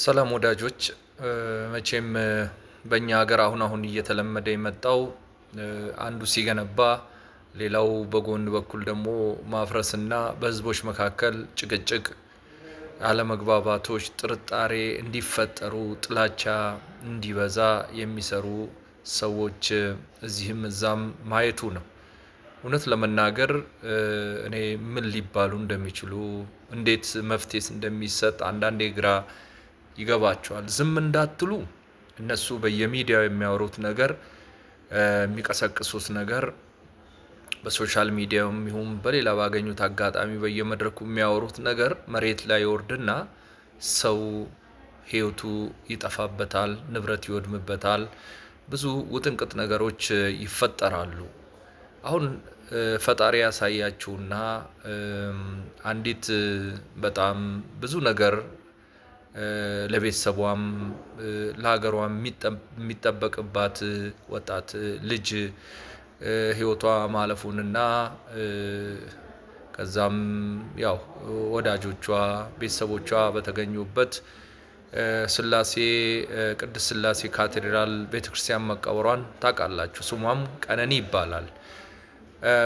ሰላም ወዳጆች፣ መቼም በእኛ ሀገር አሁን አሁን እየተለመደ የመጣው አንዱ ሲገነባ ሌላው በጎን በኩል ደግሞ ማፍረስና በህዝቦች መካከል ጭቅጭቅ፣ አለመግባባቶች፣ ጥርጣሬ እንዲፈጠሩ፣ ጥላቻ እንዲበዛ የሚሰሩ ሰዎች እዚህም እዛም ማየቱ ነው። እውነት ለመናገር እኔ ምን ሊባሉ እንደሚችሉ እንዴት መፍትሄስ እንደሚሰጥ አንዳንዴ ግራ ይገባቸዋል። ዝም እንዳትሉ። እነሱ በየሚዲያው የሚያወሩት ነገር የሚቀሰቅሱት ነገር በሶሻል ሚዲያውም ይሁን በሌላ ባገኙት አጋጣሚ በየመድረኩ የሚያወሩት ነገር መሬት ላይ ይወርድና ሰው ህይወቱ ይጠፋበታል፣ ንብረት ይወድምበታል፣ ብዙ ውጥንቅጥ ነገሮች ይፈጠራሉ። አሁን ፈጣሪ ያሳያችሁና አንዲት በጣም ብዙ ነገር ለቤተሰቧም ለሀገሯም የሚጠበቅባት ወጣት ልጅ ህይወቷ ማለፉንና ከዛም ያው ወዳጆቿ ቤተሰቦቿ በተገኙበት ስላሴ ቅድስት ስላሴ ካቴድራል ቤተክርስቲያን መቀበሯን ታውቃላችሁ። ስሟም ቀነኒ ይባላል።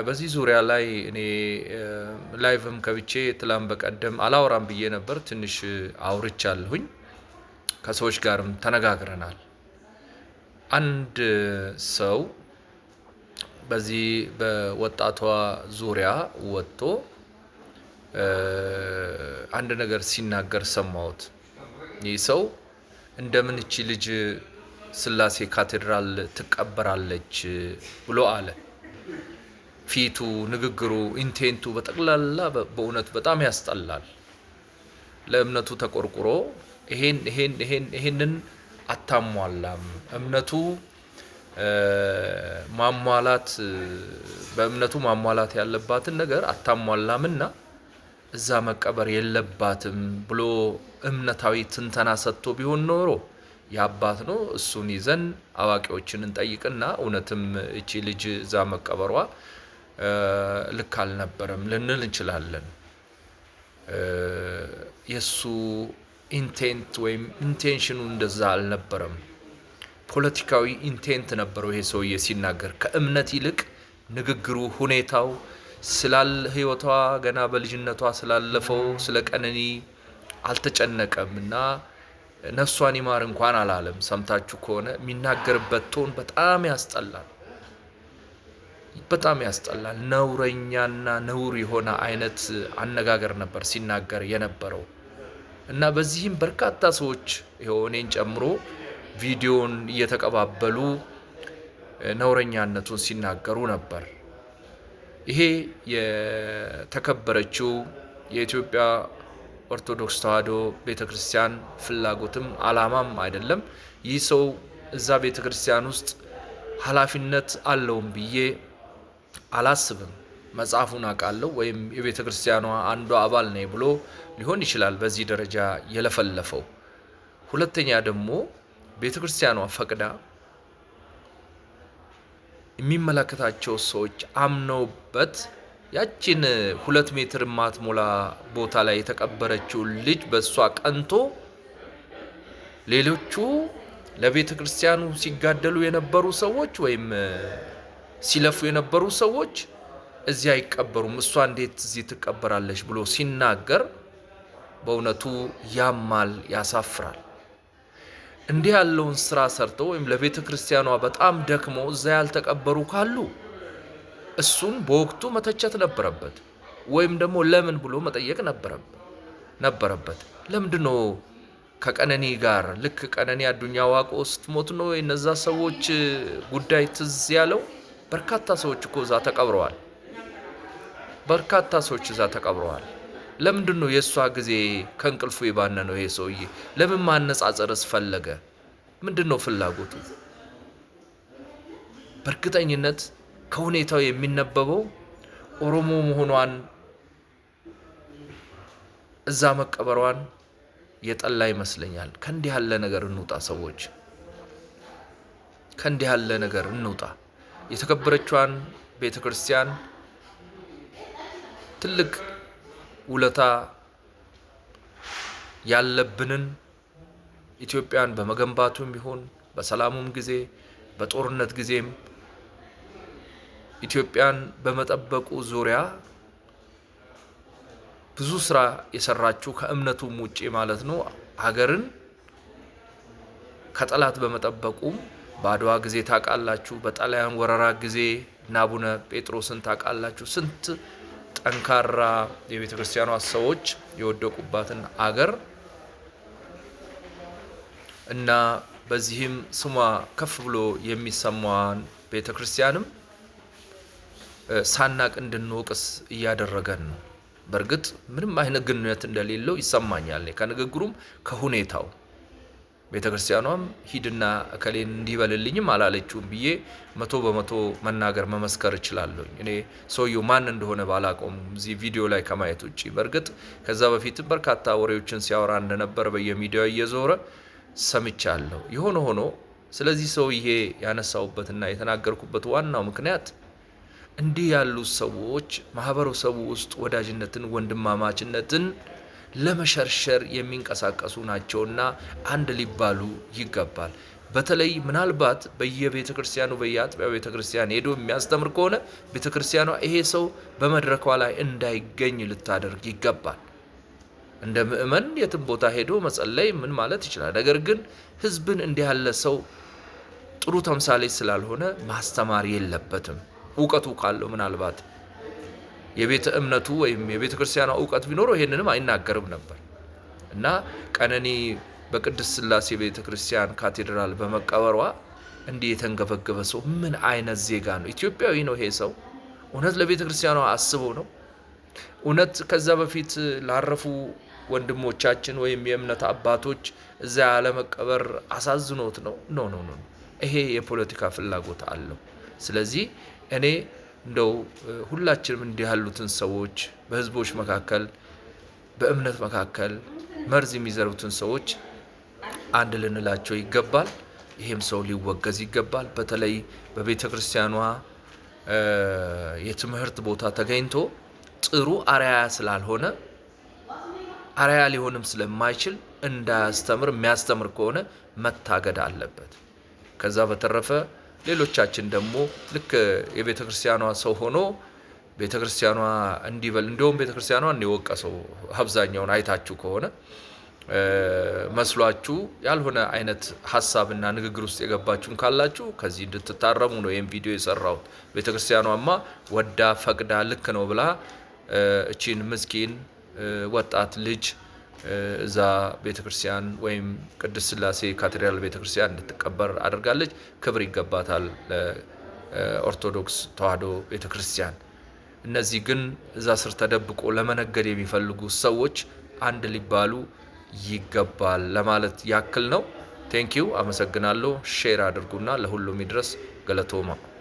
በዚህ ዙሪያ ላይ እኔ ላይቭም ከብቼ ትላም በቀደም አላወራም ብዬ ነበር። ትንሽ አውርቻለሁኝ። ከሰዎች ጋርም ተነጋግረናል። አንድ ሰው በዚህ በወጣቷ ዙሪያ ወጥቶ አንድ ነገር ሲናገር ሰማሁት። ይህ ሰው እንደምን እቺ ልጅ ስላሴ ካቴድራል ትቀበራለች ብሎ አለ። ፊቱ፣ ንግግሩ፣ ኢንቴንቱ በጠቅላላ በእውነት በጣም ያስጠላል። ለእምነቱ ተቆርቁሮ ይሄን ይሄን ይሄን ይሄንን አታሟላም። እምነቱ ማሟላት በእምነቱ ማሟላት ያለባትን ነገር አታሟላምና እዛ መቀበር የለባትም ብሎ እምነታዊ ትንተና ሰጥቶ ቢሆን ኖሮ የአባት ነው። እሱን ይዘን አዋቂዎችን እንጠይቅና እውነትም እቺ ልጅ እዛ መቀበሯ ልክ አልነበረም ልንል እንችላለን። የእሱ ኢንቴንት ወይም ኢንቴንሽኑ እንደዛ አልነበረም። ፖለቲካዊ ኢንቴንት ነበረው ይሄ ሰውዬ ሲናገር። ከእምነት ይልቅ ንግግሩ፣ ሁኔታው ስላል ህይወቷ ገና በልጅነቷ ስላለፈው ስለ ቀነኒ አልተጨነቀም እና ነፍሷን ይማር እንኳን አላለም። ሰምታችሁ ከሆነ የሚናገርበት ቶን በጣም ያስጠላል። በጣም ያስጠላል። ነውረኛና ነውር የሆነ አይነት አነጋገር ነበር ሲናገር የነበረው እና በዚህም በርካታ ሰዎች ሆኔን እኔን ጨምሮ ቪዲዮን እየተቀባበሉ ነውረኛነቱን ሲናገሩ ነበር። ይሄ የተከበረችው የኢትዮጵያ ኦርቶዶክስ ተዋሕዶ ቤተ ክርስቲያን ፍላጎትም ዓላማም አይደለም። ይህ ሰው እዛ ቤተ ክርስቲያን ውስጥ ኃላፊነት አለውም ብዬ አላስብም መጽሐፉን አውቃለሁ ወይም የቤተ ክርስቲያኗ አንዱ አባል ነኝ ብሎ ሊሆን ይችላል በዚህ ደረጃ የለፈለፈው። ሁለተኛ ደግሞ ቤተ ክርስቲያኗ ፈቅዳ የሚመለከታቸው ሰዎች አምነውበት ያችን ሁለት ሜትር ማትሞላ ቦታ ላይ የተቀበረችውን ልጅ በእሷ ቀንቶ ሌሎቹ ለቤተ ክርስቲያኑ ሲጋደሉ የነበሩ ሰዎች ወይም ሲለፉ የነበሩ ሰዎች እዚህ አይቀበሩም፣ እሷ እንዴት እዚህ ትቀበራለች ብሎ ሲናገር በእውነቱ ያማል፣ ያሳፍራል። እንዲህ ያለውን ስራ ሰርተው ወይም ለቤተ ክርስቲያኗ በጣም ደክመው እዛ ያልተቀበሩ ካሉ እሱን በወቅቱ መተቸት ነበረበት፣ ወይም ደግሞ ለምን ብሎ መጠየቅ ነበረበት። ለምንድን ከቀነኒ ጋር ልክ ቀነኒ አዱኛ ዋቆ ስትሞት ነው የነዛ ሰዎች ጉዳይ ትዝ ያለው? በርካታ ሰዎች እኮ እዛ ተቀብረዋል። በርካታ ሰዎች እዛ ተቀብረዋል። ለምንድን ነው የእሷ ጊዜ ከእንቅልፉ የባነ ነው? ይሄ ሰውዬ ለምን ማነጻጸርስ ፈለገ? ምንድን ነው ፍላጎቱ? በእርግጠኝነት ከሁኔታው የሚነበበው ኦሮሞ መሆኗን እዛ መቀበሯን የጠላ ይመስለኛል። ከእንዲህ ያለ ነገር እንውጣ ሰዎች፣ ከእንዲህ ያለ ነገር እንውጣ። የተከበረችዋን ቤተ ክርስቲያን ትልቅ ውለታ ያለብንን ኢትዮጵያን በመገንባቱም ይሁን በሰላሙም ጊዜ በጦርነት ጊዜም ኢትዮጵያን በመጠበቁ ዙሪያ ብዙ ስራ የሰራችው ከእምነቱም ውጪ ማለት ነው ሀገርን ከጠላት በመጠበቁም በአድዋ ጊዜ ታውቃላችሁ፣ በጣሊያን ወረራ ጊዜ እና አቡነ ጴጥሮስን ታውቃላችሁ። ስንት ጠንካራ የቤተ ክርስቲያኗ ሰዎች የወደቁባትን አገር እና በዚህም ስሟ ከፍ ብሎ የሚሰማዋን ቤተ ክርስቲያንም ሳናቅ እንድንወቅስ እያደረገን ነው። በእርግጥ ምንም አይነት ግንኙነት እንደሌለው ይሰማኛል፣ ከንግግሩም ከሁኔታው ቤተ ክርስቲያኗም ሂድና እከሌን እንዲበልልኝም አላለችውም ብዬ መቶ በመቶ መናገር መመስከር እችላለሁ። እኔ ሰውየው ማን እንደሆነ ባላቆም እዚህ ቪዲዮ ላይ ከማየት ውጭ በእርግጥ ከዛ በፊትም በርካታ ወሬዎችን ሲያወራ እንደነበር በየሚዲያ እየዞረ ሰምቻለሁ። የሆነ ሆኖ ስለዚህ ሰውዬ ያነሳውበትና የተናገርኩበት ዋናው ምክንያት እንዲህ ያሉ ሰዎች ማህበረሰቡ ውስጥ ወዳጅነትን፣ ወንድማማችነትን ለመሸርሸር የሚንቀሳቀሱ ናቸውና አንድ ሊባሉ ይገባል። በተለይ ምናልባት በየቤተ ክርስቲያኑ በየአጥቢያ ቤተ ክርስቲያን ሄዶ የሚያስተምር ከሆነ ቤተ ክርስቲያኗ ይሄ ሰው በመድረኳ ላይ እንዳይገኝ ልታደርግ ይገባል። እንደ ምእመን የትም ቦታ ሄዶ መጸለይ ምን ማለት ይችላል። ነገር ግን ሕዝብን እንዲህ ያለ ሰው ጥሩ ተምሳሌ ስላልሆነ ማስተማር የለበትም። እውቀቱ ካለው ምናልባት የቤተ እምነቱ ወይም የቤተ ክርስቲያኗ እውቀት ቢኖረው ይሄንንም አይናገርም ነበር እና ቀነኒ በቅድስት ስላሴ ቤተ ክርስቲያን ካቴድራል በመቀበሯ እንዲህ የተንገበገበ ሰው ምን አይነት ዜጋ ነው? ኢትዮጵያዊ ነው ይሄ ሰው? እውነት ለቤተ ክርስቲያኗ አስቦ ነው? እውነት ከዛ በፊት ላረፉ ወንድሞቻችን ወይም የእምነት አባቶች እዛ ያለመቀበር አሳዝኖት ነው? ኖ ኖ ኖ፣ ይሄ የፖለቲካ ፍላጎት አለው። ስለዚህ እኔ እንደው ሁላችንም እንዲህ ያሉትን ሰዎች በህዝቦች መካከል በእምነት መካከል መርዝ የሚዘርቡትን ሰዎች አንድ ልንላቸው ይገባል። ይሄም ሰው ሊወገዝ ይገባል። በተለይ በቤተ ክርስቲያኗ የትምህርት ቦታ ተገኝቶ ጥሩ አርያ ስላልሆነ አርያ ሊሆንም ስለማይችል እንዳያስተምር የሚያስተምር ከሆነ መታገድ አለበት። ከዛ በተረፈ ሌሎቻችን ደግሞ ልክ የቤተ ክርስቲያኗ ሰው ሆኖ ቤተ ክርስቲያኗ እንዲበል እንዲሁም ቤተ ክርስቲያኗ የወቀሰው አብዛኛውን አይታችሁ ከሆነ መስሏችሁ ያልሆነ አይነት ሀሳብና ንግግር ውስጥ የገባችሁም ካላችሁ ከዚህ እንድትታረሙ ነው ይህም ቪዲዮ የሰራሁት። ቤተ ክርስቲያኗማ ወዳ ፈቅዳ ልክ ነው ብላ እቺን ምስኪን ወጣት ልጅ እዛ ቤተክርስቲያን ወይም ቅድስት ስላሴ ካቴድራል ቤተክርስቲያን እንድትቀበር አድርጋለች። ክብር ይገባታል ለኦርቶዶክስ ተዋህዶ ቤተክርስቲያን። እነዚህ ግን እዛ ስር ተደብቆ ለመነገድ የሚፈልጉ ሰዎች አንድ ሊባሉ ይገባል ለማለት ያክል ነው። ቴንኪው፣ አመሰግናለሁ። ሼር አድርጉና ለሁሉም ይድረስ። ገለቶማ